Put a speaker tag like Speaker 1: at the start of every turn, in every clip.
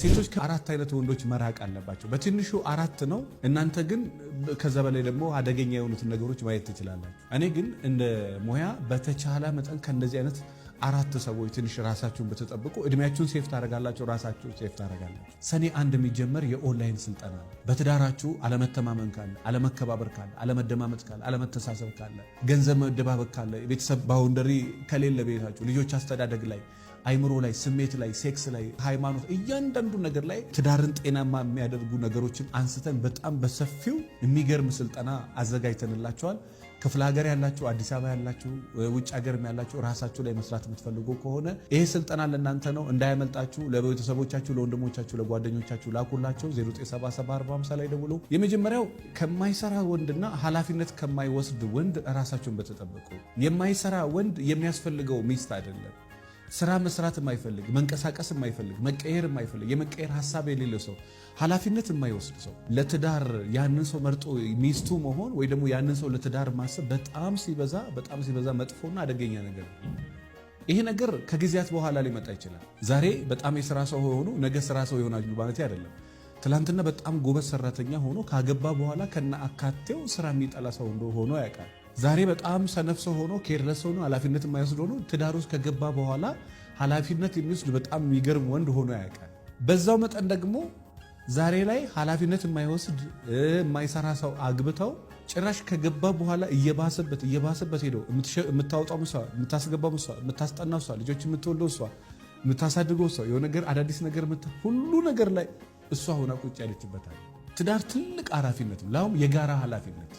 Speaker 1: ሴቶች ከአራት አይነት ወንዶች መራቅ አለባቸው። በትንሹ አራት ነው። እናንተ ግን ከዛ በላይ ደግሞ አደገኛ የሆኑትን ነገሮች ማየት ትችላላችሁ። እኔ ግን እንደ ሙያ በተቻለ መጠን ከእንደዚህ አይነት አራት ሰዎች ትንሽ ራሳችሁን ብትጠብቁ እድሜያችሁን ሴፍ ታደርጋላችሁ፣ ራሳችሁን ሴፍ ታደርጋላችሁ። ሰኔ አንድ የሚጀመር የኦንላይን ስልጠና ነው። በትዳራችሁ አለመተማመን ካለ፣ አለመከባበር ካለ፣ አለመደማመጥ ካለ፣ አለመተሳሰብ ካለ፣ ገንዘብ መደባበቅ ካለ፣ ቤተሰብ ባውንደሪ ከሌለ፣ ቤታችሁ ልጆች አስተዳደግ ላይ አይምሮ ላይ፣ ስሜት ላይ፣ ሴክስ ላይ፣ ሃይማኖት፣ እያንዳንዱ ነገር ላይ ትዳርን ጤናማ የሚያደርጉ ነገሮችን አንስተን በጣም በሰፊው የሚገርም ስልጠና አዘጋጅተንላቸዋል። ክፍለ ሀገር ያላችሁ፣ አዲስ አበባ ያላችሁ፣ ውጭ ሀገርም ያላችሁ ራሳችሁ ላይ መስራት የምትፈልጉ ከሆነ ይህ ስልጠና ለእናንተ ነው። እንዳያመልጣችሁ። ለቤተሰቦቻችሁ፣ ለወንድሞቻችሁ፣ ለጓደኞቻችሁ ላኩላቸው። 0974 ላይ ደውሎ የመጀመሪያው ከማይሰራ ወንድና ኃላፊነት ከማይወስድ ወንድ ራሳችሁን በተጠበቁ። የማይሰራ ወንድ የሚያስፈልገው ሚስት አይደለም። ስራ መስራት የማይፈልግ መንቀሳቀስ የማይፈልግ መቀየር የማይፈልግ የመቀየር ሀሳብ የሌለ ሰው ኃላፊነት የማይወስድ ሰው ለትዳር ያንን ሰው መርጦ ሚስቱ መሆን ወይ ደግሞ ያንን ሰው ለትዳር ማሰብ በጣም ሲበዛ በጣም ሲበዛ መጥፎና አደገኛ ነገር ነው። ይሄ ነገር ከጊዜያት በኋላ ሊመጣ ይችላል። ዛሬ በጣም የስራ ሰው የሆኑ ነገ ስራ ሰው ይሆናሉ ማለት አይደለም። ትላንትና በጣም ጎበዝ ሰራተኛ ሆኖ ካገባ በኋላ ከነ አካቴው ስራ የሚጠላ ሰው ሆኖ ያውቃል። ዛሬ በጣም ሰነፍ ሰው ሆኖ ኬርለስ ሆኖ ኃላፊነት የማይወስድ ሆኖ ትዳር ውስጥ ከገባ በኋላ ኃላፊነት የሚወስድ በጣም የሚገርም ወንድ ሆኖ ያውቃል። በዛው መጠን ደግሞ ዛሬ ላይ ኃላፊነት የማይወስድ የማይሰራ ሰው አግብተው ጭራሽ ከገባ በኋላ እየባሰበት እየባሰበት ሄደው የምታወጣው እሷ፣ የምታስገባው እሷ፣ የምታስጠናው እሷ፣ ልጆች የምትወልደው እሷ፣ የምታሳድገው እሷ፣ የሆነ ነገር አዳዲስ ነገር ሁሉ ነገር ላይ እሷ ሆና ቁጭ ያለችበታል። ትዳር ትልቅ ኃላፊነት ነው፣ ለአሁን የጋራ ኃላፊነት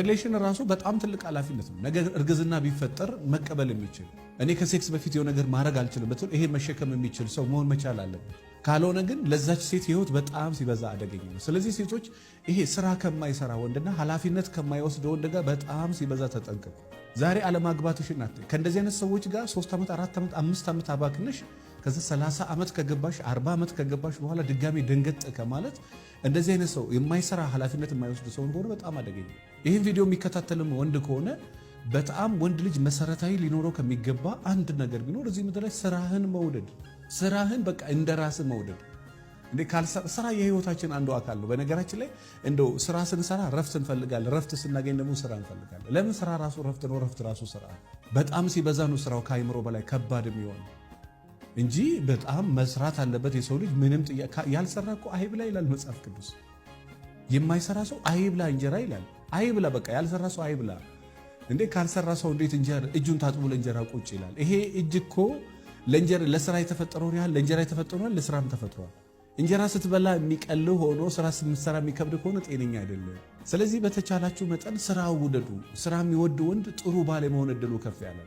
Speaker 1: ሪሌሽን ራሱ በጣም ትልቅ ኃላፊነት ነው። ነገር እርግዝና ቢፈጠር መቀበል የሚችል እኔ ከሴክስ በፊት የሆነ ነገር ማድረግ አልችልም ብትል ይሄ መሸከም የሚችል ሰው መሆን መቻል አለበት። ካልሆነ ግን ለዛች ሴት ህይወት በጣም ሲበዛ አደገኝ ነው። ስለዚህ ሴቶች ይሄ ስራ ከማይሰራ ወንድና ኃላፊነት ከማይወስድ ወንድ ጋር በጣም ሲበዛ ተጠንቀቁ። ዛሬ አለማግባትሽን አት ከእንደዚህ አይነት ሰዎች ጋር ሶስት ዓመት አራት ዓመት አምስት ዓመት አባክነሽ ከዚ 30 ዓመት ከገባሽ 40 ዓመት ከገባሽ በኋላ ድጋሜ ደንገጥ ከማለት እንደዚህ አይነት ሰው የማይሰራ ኃላፊነት የማይወስድ ሰው እንደሆነ በጣም አደገኝ ይህን ቪዲዮ የሚከታተልም ወንድ ከሆነ በጣም ወንድ ልጅ መሰረታዊ ሊኖረው ከሚገባ አንድ ነገር ቢኖር እዚህ ምድር ላይ ስራህን መውደድ፣ ስራህን በቃ እንደ ራስ መውደድ። ስራ የህይወታችን አንዱ አካል ነው። በነገራችን ላይ እንደው ስራ ስንሰራ ረፍት እንፈልጋለን። ረፍት ስናገኝ ደግሞ ስራ እንፈልጋለን። ለምን ስራ ራሱ ረፍት ነው። ረፍት ራሱ ስራ በጣም ሲበዛ ነው ስራው ከአይምሮ በላይ ከባድ የሚሆን እንጂ በጣም መስራት አለበት የሰው ልጅ። ምንም ያልሰራ እኮ አይብላ ይላል መጽሐፍ ቅዱስ። የማይሰራ ሰው አይብላ እንጀራ ይላል። አይብላ፣ በቃ ያልሰራ ሰው አይብላ። እንዴ ካልሰራ ሰው እንዴት እንጀራ እጁን ታጥቦ ለእንጀራ ቁጭ ይላል? ይሄ እጅ እኮ ለእንጀራ ለስራ የተፈጠረውን ያህል ለእንጀራ የተፈጠረውን ለስራም ተፈጥሯል። እንጀራ ስትበላ የሚቀል ሆኖ ስራ ስምሰራ የሚከብድ ከሆነ ጤነኛ አይደለም። ስለዚህ በተቻላችሁ መጠን ስራ ውደዱ። ስራ የሚወድ ወንድ ጥሩ ባል የመሆን እድሉ ከፍ ያለ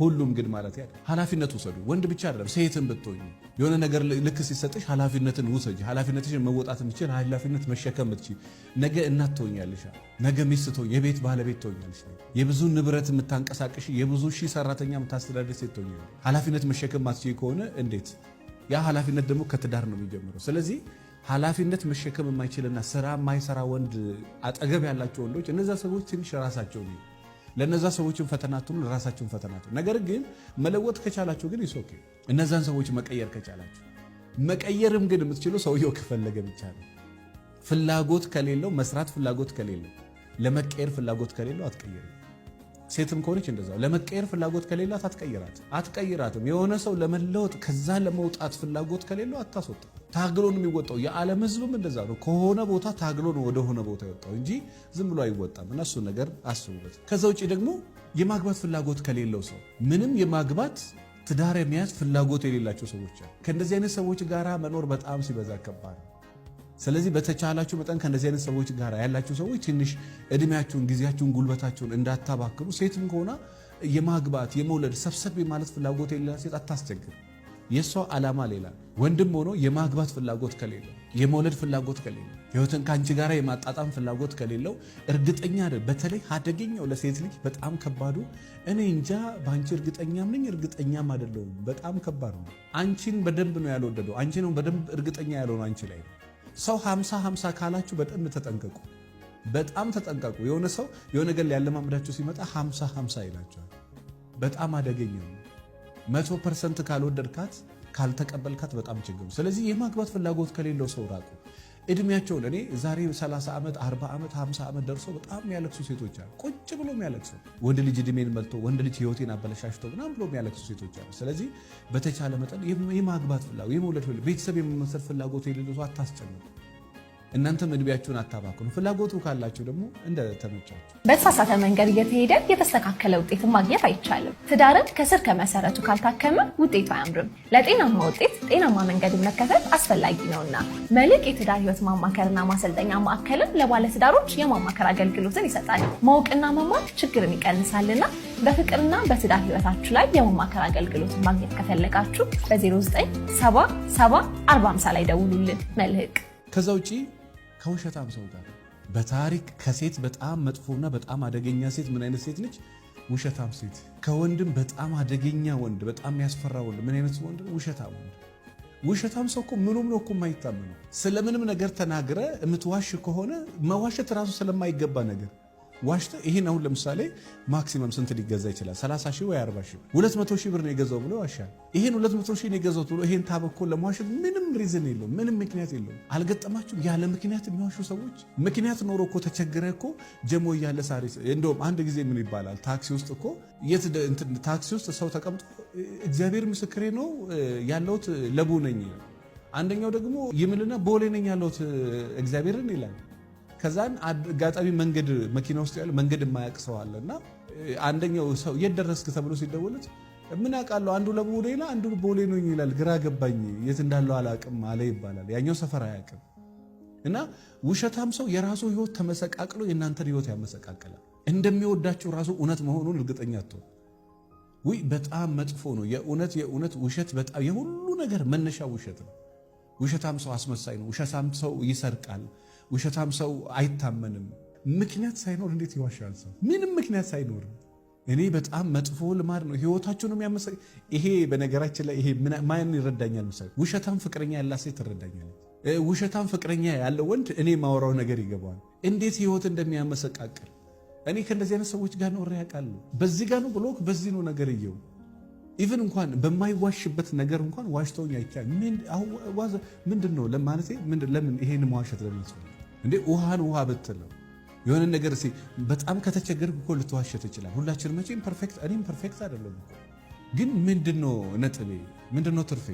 Speaker 1: ሁሉም ግን ማለት ያ ኃላፊነት ውሰዱ። ወንድ ብቻ አይደለም፣ ሴትም ብትሆኝ የሆነ ነገር ልክ ሲሰጥሽ ኃላፊነትን ውሰጂ። ኃላፊነትሽን መወጣት የምትችል ኃላፊነት መሸከም የምትችል ነገ እናት ትሆኛለሽ፣ ነገ ሚስት ትሆኝ፣ የቤት ባለቤት ትሆኛለሽ፣ የብዙ ንብረት የምታንቀሳቅሽ፣ የብዙ ሺህ ሰራተኛ የምታስተዳደር ሴት ትሆኛለሽ። ኃላፊነት መሸከም ማትችል ከሆነ እንዴት? ያ ኃላፊነት ደግሞ ከትዳር ነው የሚጀምረው። ስለዚህ ኃላፊነት መሸከም የማይችልና ስራ የማይሰራ ወንድ አጠገብ ያላቸው ወንዶች እነዚ ሰዎች ትንሽ ራሳቸው ነው ለነዛ ሰዎችን ፈተናትኑ ለራሳችሁን ፈተናትኑ። ነገር ግን መለወጥ ከቻላችሁ ግን ይሶኬ እነዛን ሰዎች መቀየር ከቻላችሁ መቀየርም ግን የምትችሉ ሰውየው ከፈለገ ብቻ ነው። ፍላጎት ከሌለው መስራት፣ ፍላጎት ከሌለው ለመቀየር ፍላጎት ከሌለው አትቀየርም። ሴትም ከሆነች እንደዛው ለመቀየር ፍላጎት ከሌላት አትቀይራት አትቀይራትም። የሆነ ሰው ለመለወጥ ከዛ ለመውጣት ፍላጎት ከሌለው አታስወጣ። ታግሎ ነው የሚወጣው። የዓለም ሕዝብም እንደዛ ነው። ከሆነ ቦታ ታግሎ ነው ወደሆነ ቦታ የወጣው እንጂ ዝም ብሎ አይወጣም። እና እሱ ነገር አስቡበት። ከዛ ውጭ ደግሞ የማግባት ፍላጎት ከሌለው ሰው ምንም የማግባት ትዳር የመያዝ ፍላጎት የሌላቸው ሰዎች አሉ። ከእንደዚህ አይነት ሰዎች ጋር መኖር በጣም ሲበዛ ከባድ ነው። ስለዚህ በተቻላችሁ መጠን ከእንደዚህ አይነት ሰዎች ጋር ያላችሁ ሰዎች ትንሽ እድሜያችሁን፣ ጊዜያችሁን፣ ጉልበታችሁን እንዳታባክሩ። ሴትም ከሆነ የማግባት የመውለድ ሰብሰብ ማለት ፍላጎት የሌላት ሴት አታስቸግር። የእሷ ዓላማ ሌላ። ወንድም ሆኖ የማግባት ፍላጎት ከሌለው የመውለድ ፍላጎት ከሌለ ህይወትን ከአንቺ ጋር የማጣጣም ፍላጎት ከሌለው እርግጠኛ በተለይ አደገኛው ለሴት ልጅ በጣም ከባዱ እኔ እንጃ በአንቺ እርግጠኛም ነኝ እርግጠኛም አይደለሁም በጣም ከባድ ነው። አንቺን በደንብ ነው ያልወደደው። አንቺ ነው በደንብ እርግጠኛ ያልሆነው አንቺ ላይ ነው ሰው 50 50 ካላችሁ በጣም ተጠንቀቁ፣ በጣም ተጠንቀቁ። የሆነ ሰው የሆነ ነገር ሊያለማምዳችሁ ሲመጣ 50 50 ይላቸዋል። በጣም አደገኛ ነው። መቶ ፐርሰንት ካልወደድካት ካልተቀበልካት በጣም ችግሩ። ስለዚህ የማግባት ፍላጎት ከሌለው ሰው ራቁ። እድሜያቸው ለእኔ ዛሬ 30 ዓመት 40 ዓመት 50 ዓመት ደርሶ በጣም የሚያለቅሱ ሴቶች አሉ። ቁጭ ብሎ የሚያለቅሱ ወንድ ልጅ እድሜን መልቶ ወንድ ልጅ ህይወቴን አበለሻሽቶ ምናምን ብሎ የሚያለቅሱ ሴቶች አሉ። ስለዚህ በተቻለ መጠን የማግባት ፍላጎት የመውለድ ቤተሰብ የመመሰል ፍላጎት የሌለ ሰው አታስጨንቁ። እናንተም እድሜያችሁን አታባክኑ። ፍላጎቱ ካላችሁ ደግሞ እንደተመቻችሁ።
Speaker 2: በተሳሳተ መንገድ እየተሄደ የተስተካከለ ውጤትን ማግኘት አይቻልም። ትዳርን ከስር ከመሰረቱ ካልታከመ ውጤቱ አያምርም። ለጤናማ ውጤት ጤናማ መንገድን መከተል አስፈላጊ ነውና መልሕቅ የትዳር ህይወት ማማከርና ማሰልጠኛ ማዕከልን ለባለትዳሮች የማማከር አገልግሎትን ይሰጣል። ማወቅና መማር ችግርን ይቀንሳልና በፍቅርና በትዳር ህይወታችሁ ላይ የማማከር አገልግሎትን ማግኘት ከፈለጋችሁ በ0977 45 ላይ ደውሉልን። መልሕቅ
Speaker 1: ከዛ ውጪ ከውሸታም ሰው ጋር በታሪክ ከሴት በጣም መጥፎና በጣም አደገኛ ሴት ምን አይነት ሴት ነች? ውሸታም ሴት። ከወንድም በጣም አደገኛ ወንድ፣ በጣም ያስፈራ ወንድ ምን አይነት ወንድ? ውሸታም ወንድ። ውሸታም ሰው እኮ ምኑም ነው እኮ የማይታመነው። ስለምንም ነገር ተናግረ የምትዋሽ ከሆነ መዋሸት ራሱ ስለማይገባ ነገር ዋሽተ ይሄን አሁን ለምሳሌ ማክሲመም ስንት ሊገዛ ይችላል? 30 ሺህ ወይ 40 ሺህ 200 ሺህ ብር ነው የገዛው ብሎ ይዋሻል። ይሄን 200 ሺህ ነው የገዛው ብሎ ይሄን ታበኮ ለመዋሸት ምንም ሪዝን የለውም፣ ምንም ምክንያት የለውም። አልገጠማችሁም? ያለ ምክንያት የሚዋሹ ሰዎች ምክንያት ኖሮ እኮ ተቸግረ እኮ ጀሞ እያለ ሳሪ እንደውም አንድ ጊዜ ምን ይባላል ታክሲ ውስጥ እኮ ታክሲ ውስጥ ሰው ተቀምጦ እግዚአብሔር ምስክሬ ነው ያለሁት ለቡ ነኝ፣ አንደኛው ደግሞ ይምልና ቦሌ ነኝ ያለሁት እግዚአብሔርን ይላል ከዛን አጋጣሚ መንገድ መኪና ውስጥ ያለ መንገድ የማያውቅ ሰው አለ እና አንደኛው ሰው የት ደረስክ ተብሎ ሲደወለት ምን አውቃለሁ አንዱ ለቦሌ ነው አንዱ ቦሌ ነው ይላል። ግራ ገባኝ የት እንዳለው አላውቅም አለ ይባላል። ያኛው ሰፈር አያውቅም እና ውሸታም ሰው የራሱ ህይወት ተመሰቃቅሎ የእናንተን ህይወት ያመሰቃቅላል። እንደሚወዳቸው ራሱ እውነት መሆኑን እርግጠኛ አትሆን። ውይ በጣም መጥፎ ነው። የእውነት የእውነት ውሸት በጣም የሁሉ ነገር መነሻ ውሸት ነው። ውሸታም ሰው አስመሳይ ነው። ውሸታም ሰው ይሰርቃል። ውሸታም ሰው አይታመንም። ምክንያት ሳይኖር እንዴት ይዋሻል ሰው? ምንም ምክንያት ሳይኖር እኔ በጣም መጥፎ ልማድ ነው። ነው የሚያመሰ ይሄ በነገራችን ላይ ይሄ ማን ይረዳኛል? ምሳሌ ውሸታም ፍቅረኛ ያላት ሴት ትረዳኛለች። ውሸታም ፍቅረኛ ያለው ወንድ እኔ ማወራው ነገር ይገባዋል፣ እንዴት ህይወት እንደሚያመሰቃቅል። እኔ ከእንደዚህ አይነት ሰዎች ጋር ነው ያውቃሉ። በዚህ ጋር ነው ብሎክ፣ በዚህ ነው ነገር እየው ኢቨን እንኳን በማይዋሽበት ነገር እንኳን ዋሽተውኝ አይቻል። ምንድን ነው ለማለቴ፣ ለምን ይሄን መዋሸት ለምን እንዴ ውሃን ውሃ ብትለው የሆነ ነገር በጣም ከተቸገር እኮ ልትዋሸት ይችላል። ሁላችን መቼም ፐርፌክት እኔም ፐርፌክት አይደለም እኮ ግን ምንድነው ነጥቤ? ምንድነው ትርፌ?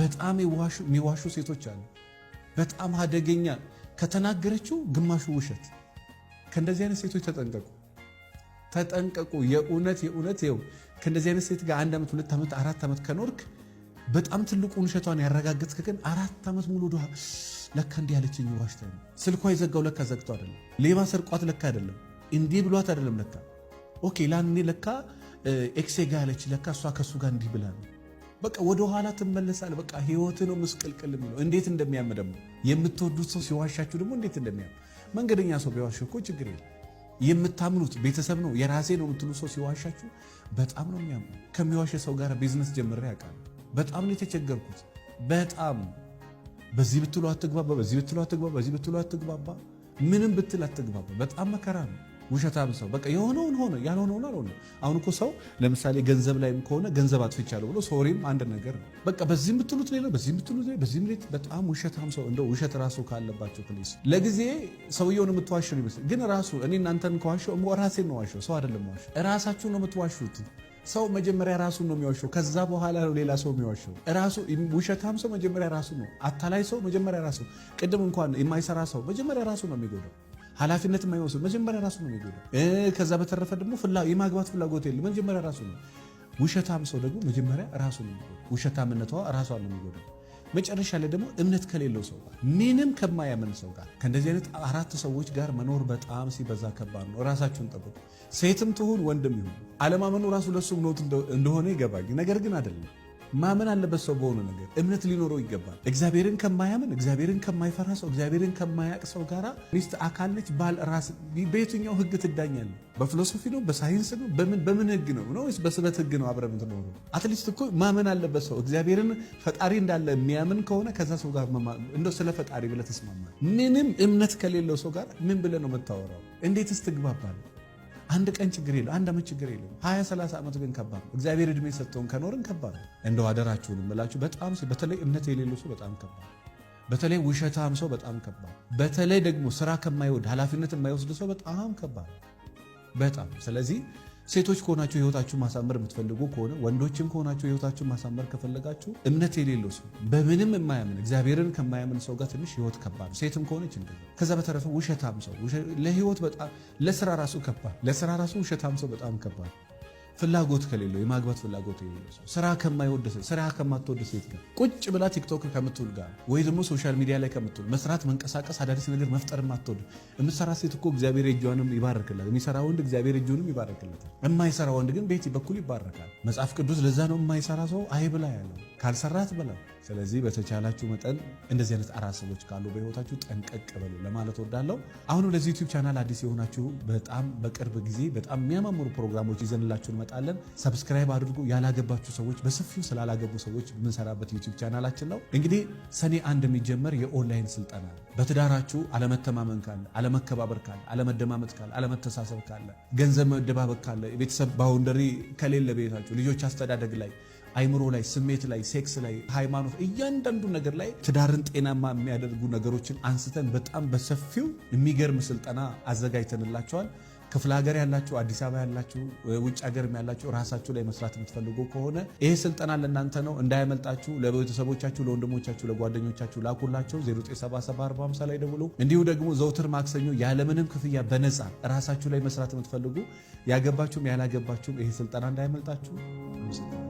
Speaker 1: በጣም የሚዋሹ ሴቶች አሉ። በጣም አደገኛ ከተናገረችው ግማሹ ውሸት። ከእንደዚህ አይነት ሴቶች ተጠንቀቁ፣ ተጠንቀቁ። የእውነት የእውነት ው ከእንደዚህ አይነት ሴት ጋር አንድ ዓመት ሁለት ዓመት አራት ዓመት ከኖርክ በጣም ትልቁ ውሸቷን ያረጋገጥክ ግን አራት ዓመት ሙሉ ወደ ለካ እንዲህ ያለችኝ ዋሽታ ስልኳ የዘጋው ለካ ዘግቶ አይደለም። ሌባ ሰርቋት ለካ አይደለም። እንዲህ ብሏት አይደለም ለካ ኦኬ፣ ላኔ ለካ ኤክሴ ጋ ያለች ለካ እሷ ከእሱ ጋር እንዲህ ብላ ነው። በቃ ወደኋላ ትመለሳል። በቃ ህይወት ነው ምስቅልቅል የሚለው እንዴት እንደሚያም ደግሞ የምትወዱት ሰው ሲዋሻችሁ ደግሞ እንዴት እንደሚያም መንገደኛ ሰው ቢዋሽ እኮ ችግር የለም። የምታምኑት ቤተሰብ ነው የራሴ ነው የምትሉ ሰው ሲዋሻችሁ በጣም ነው የሚያምኑ። ከሚዋሽ ሰው ጋር ቢዝነስ ጀምሬ ያቃሉ። በጣም ነው የተቸገርኩት። በጣም በዚህ ብትሉ አትግባባ፣ በዚህ ብትሉ አትግባባ፣ በዚህ ብትሉ አትግባባ፣ ምንም ብትል አትግባባ። በጣም መከራ ነው። ውሸታም ሰው በቃ የሆነውን ሆነ ያልሆነውን አልሆነ። አሁን እኮ ሰው ለምሳሌ ገንዘብ ላይም ከሆነ ገንዘብ አጥፍቻለሁ ብሎ ሶሪም አንድ ነገር ነው። በቃ በዚህም ብትሉት ሌላ በዚህም ብትሉት ሌላ በዚህም ሌት በጣም ውሸታም ሰው እንደው ውሸት ራሱ ካለባቸው ፕሊስ። ለጊዜ ሰውየውን የምትዋሸው ይመስል ግን ራሱ እኔ እናንተን ከዋሸው ራሴን ነው ዋሸው፣ ሰው አይደለም ዋሸው። ራሳችሁ ነው የምትዋሹት። ሰው መጀመሪያ ራሱ ነው የሚዋሸው፣ ከዛ በኋላ ነው ሌላ ሰው የሚዋሸው። ራሱ ውሸታም ሰው መጀመሪያ ራሱ ነው፣ አታላይ ሰው መጀመሪያ ራሱ፣ ቅድም እንኳን የማይሰራ ሰው መጀመሪያ ራሱ ነው የሚጎዳው። ኃላፊነት የማይወስድ መጀመሪያ ራሱ ነው የሚጎዳው። ከዛ በተረፈ ደግሞ የማግባት ፍላጎት የለ መጀመሪያ ራሱ ነው። ውሸታም ሰው ደግሞ መጀመሪያ ራሱ ነው የሚጎዳው። ውሸታምነቷ ራሷ ነው የሚጎዳው። መጨረሻ ላይ ደግሞ እምነት ከሌለው ሰው ጋር ምንም ከማያምን ሰው ጋር ከእንደዚህ አይነት አራት ሰዎች ጋር መኖር በጣም ሲበዛ ከባድ ነው። ራሳችሁን ጠብቁ። ሴትም ትሁን ወንድም ይሁን አለማመኑ ራሱ ለሱ ኖት እንደሆነ ይገባኝ፣ ነገር ግን አይደለም ማመን አለበት። ሰው በሆነ ነገር እምነት ሊኖረው ይገባል። እግዚአብሔርን ከማያምን እግዚአብሔርን ከማይፈራ ሰው እግዚአብሔርን ከማያቅ ሰው ጋር ሚስት አካል ነች፣ ባል ራስ። በየትኛው ህግ ትዳኛለ? በፊሎሶፊ ነው? በሳይንስ ነው? በምን ህግ ነው ነው? ወይስ በስበት ህግ ነው? አብረህ የምትኖረው አትሊስት እኮ ማመን አለበት ሰው። እግዚአብሔርን ፈጣሪ እንዳለ የሚያምን ከሆነ ከዛ ሰው ጋር እንደው ስለ ፈጣሪ ብለ ተስማማል። ምንም እምነት ከሌለው ሰው ጋር ምን ብለ ነው የምታወራው? እንዴትስ ትግባባለህ? አንድ ቀን ችግር የለው፣ አንድ አመት ችግር የለው። 20 30 ዓመት ግን ከባድ ነው። እግዚአብሔር እድሜ ሰጥተውን ከኖርን ከባድ ነው። እንደው አደራችሁን እምላችሁ በጣም በተለይ እምነት የሌለው ሰው በጣም ከባድ፣ በተለይ ውሸታም ሰው በጣም ከባድ፣ በተለይ ደግሞ ስራ ከማይወድ ኃላፊነት የማይወስድ ሰው በጣም ከባድ በጣም ስለዚህ ሴቶች ከሆናችሁ ህይወታችሁ ማሳመር የምትፈልጉ ከሆነ ወንዶችም ከሆናችሁ ህይወታችሁ ማሳመር ከፈለጋችሁ እምነት የሌለው ሰው በምንም የማያምን እግዚአብሔርን ከማያምን ሰው ጋር ትንሽ ህይወት ከባድ ነው። ሴትም ከሆነች እንደ ከዛ በተረፈ ውሸታም ሰው ለህይወት በጣም ለስራ ራሱ ከባድ ለስራ ራሱ ውሸታም ሰው በጣም ከባድ ፍላጎት ከሌለው የማግባት ፍላጎት የሌለው ሰው ስራ ከማይወድ ሴት ስራ ከማትወድ ሴት ጋር ቁጭ ብላ ቲክቶክ ከምትውል ጋር ወይ ደግሞ ሶሻል ሚዲያ ላይ ከምትውል መስራት፣ መንቀሳቀስ፣ አዳዲስ ነገር መፍጠር የማትወድ የምትሰራ ሴት እኮ እግዚአብሔር እጇንም ይባርክላት። የሚሰራ ወንድ እግዚአብሔር እጁንም ይባርክለታል። የማይሰራ ወንድ ግን ቤት በኩል ይባረካል። መጽሐፍ ቅዱስ ለዛ ነው የማይሰራ ሰው አይ ብላ ያለው ካልሰራት ብላ። ስለዚህ በተቻላችሁ መጠን እንደዚህ አይነት አራት ሰዎች ካሉ በህይወታችሁ ጠንቀቅ በሉ ለማለት ወዳለው። አሁንም ለዚህ ዩቲዩብ ቻናል አዲስ የሆናችሁ በጣም በቅርብ ጊዜ በጣም የሚያማምሩ ፕሮግራሞች ይዘንላችሁ እንመጣለን። ሰብስክራይብ አድርጉ። ያላገባችሁ ሰዎች በሰፊው ስላላገቡ ሰዎች የምንሰራበት ዩቲዩብ ቻናላችን ነው። እንግዲህ ሰኔ አንድ የሚጀመር የኦንላይን ስልጠና በትዳራችሁ አለመተማመን ካለ፣ አለመከባበር ካለ፣ አለመደማመጥ ካለ፣ አለመተሳሰብ ካለ፣ ገንዘብ መደባበቅ ካለ፣ ቤተሰብ ባውንደሪ ከሌለ ቤታችሁ ልጆች አስተዳደግ ላይ አይምሮ ላይ ስሜት ላይ ሴክስ ላይ ሃይማኖት፣ እያንዳንዱ ነገር ላይ ትዳርን ጤናማ የሚያደርጉ ነገሮችን አንስተን በጣም በሰፊው የሚገርም ስልጠና አዘጋጅተንላቸዋል። ክፍለ ሀገር ያላችሁ፣ አዲስ አበባ ያላችሁ፣ ውጭ ሀገር ያላችሁ ራሳችሁ ላይ መስራት የምትፈልጉ ከሆነ ይሄ ስልጠና ለእናንተ ነው፣ እንዳያመልጣችሁ። ለቤተሰቦቻችሁ፣ ለወንድሞቻችሁ፣ ለጓደኞቻችሁ ላኩላቸው 0974 ላይ ደውሎ እንዲሁ ደግሞ ዘውትር ማክሰኞ ያለምንም ክፍያ በነፃ ራሳችሁ ላይ መስራት የምትፈልጉ ያገባችሁም ያላገባችሁም ይሄ ስልጠና እንዳያመልጣችሁ።